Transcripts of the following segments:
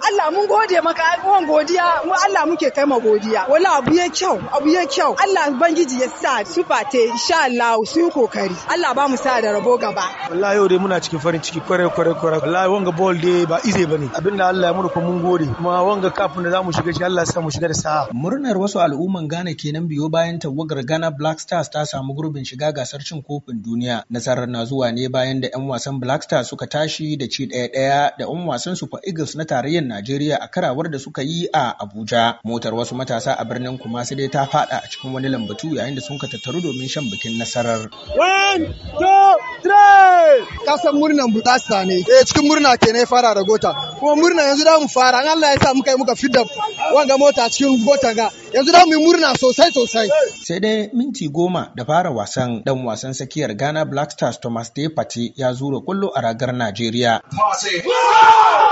Allah mun gode maka wan godiya mu Allah muke kai ma godiya wala abu ya kyau abu ya kyau Allah bangiji ya sa su fate insha Allah su yi kokari Allah ba mu sa da rabo gaba wallahi yau dai muna cikin farin ciki kware kware kware wallahi wanga ball dai ba ize bane abinda Allah ya murfa mun gode kuma wanga kafin da zamu shiga shi Allah ya sa mu shiga da sa'a murnar wasu al'umman Ghana kenan biyo bayan tawagar Ghana Black Stars ta samu gurbin shiga gasar cin kofin duniya nasarar na zuwa ne bayan da 'yan wasan Black Stars suka tashi da ci ɗaya ɗaya da 'yan wasan Super Eagles na tarayyar tarayyar Najeriya a karawar da suka yi a Abuja. Motar wasu matasa a birnin kuma sai dai ta fada a cikin wani lambatu yayin da sun ka tattaru domin shan bikin nasarar. One, two, three! Kasan murnan butasa ne. Eh cikin murna ke ne fara da gota. Kuma murna yanzu da mu fara. An Allah ya sa muka yi muka fidda wanga mota cikin gota ga. Yanzu da mu murna sosai sosai. Sai dai minti goma da fara wasan dan wasan tsakiyar Ghana Black Stars Thomas Depati ya zura kullo a ragar Najeriya. Eh.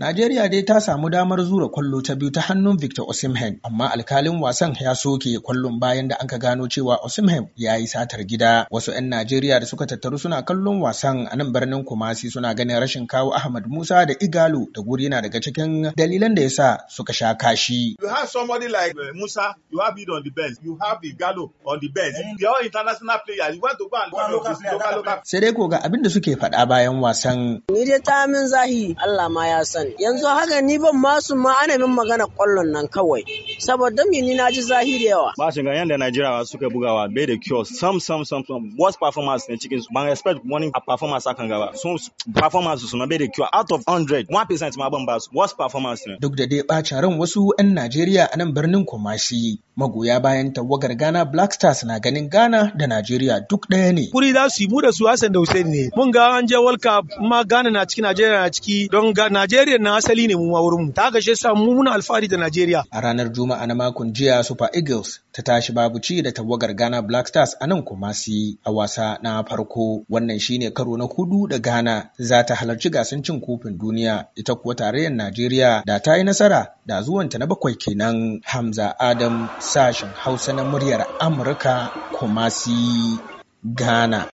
Najeriya dai ta samu damar zura kwallo ta biyu ta hannun Victor Osimhen, amma alkalin wasan ya soke kwallon bayan da anka gano cewa Osimhen ya yi satar gida. Wasu 'yan Najeriya da suka tattaru suna kallon wasan a nan birnin Kumasi suna ganin rashin kawo Ahmad Musa da Igalo da guri na daga cikin dalilan da ya sa suka sha kashi. You have somebody like uh, Musa, you have it on the bench, you have Igalo on the bench. Eh. They are international players. You want to go and local, local, local. Sai dai ko ga abin da suke faɗa bayan wasan. Ni dai ta min zahi Allah ma ya sani yanzu haka ni ban masu ma ana min magana kwallon nan kawai saboda mi ni naji zahiri yawa ba shi ga yanda Najeriya suka bugawa bai da kyau sam sam sam sam worst performance ne cikin su ban expect wani a performance akan gaba so performance su na bai da kyau out of 100 1% ma ban ba su worst performance ne duk da dai bacin ran wasu 'yan Najeriya a nan birnin Kumasi magoya bayan tawagar Ghana Black Stars na ganin Ghana da Najeriya duk ɗaya ne. Kuri za su yi mu da su Hassan da Hussein ne. Mun ga an je World Cup ma Ghana na ciki Najeriya na ciki don ga Najeriya na asali ne mu ma wurin mu. Ta shi sa mu muna alfahari da Najeriya. A ranar Juma'a na makon jiya Super Eagles ta tashi babu ci da tawagar Ghana Black Stars a nan Kumasi a wasa na farko. Wannan shine karo na hudu da Ghana za ta halarci gasar cin kofin duniya ita kuwa tarayyar Najeriya da ta yi nasara da zuwanta na bakwai kenan. Hamza Adam sashen Hausa na muryar Amurka Kumasi Ghana.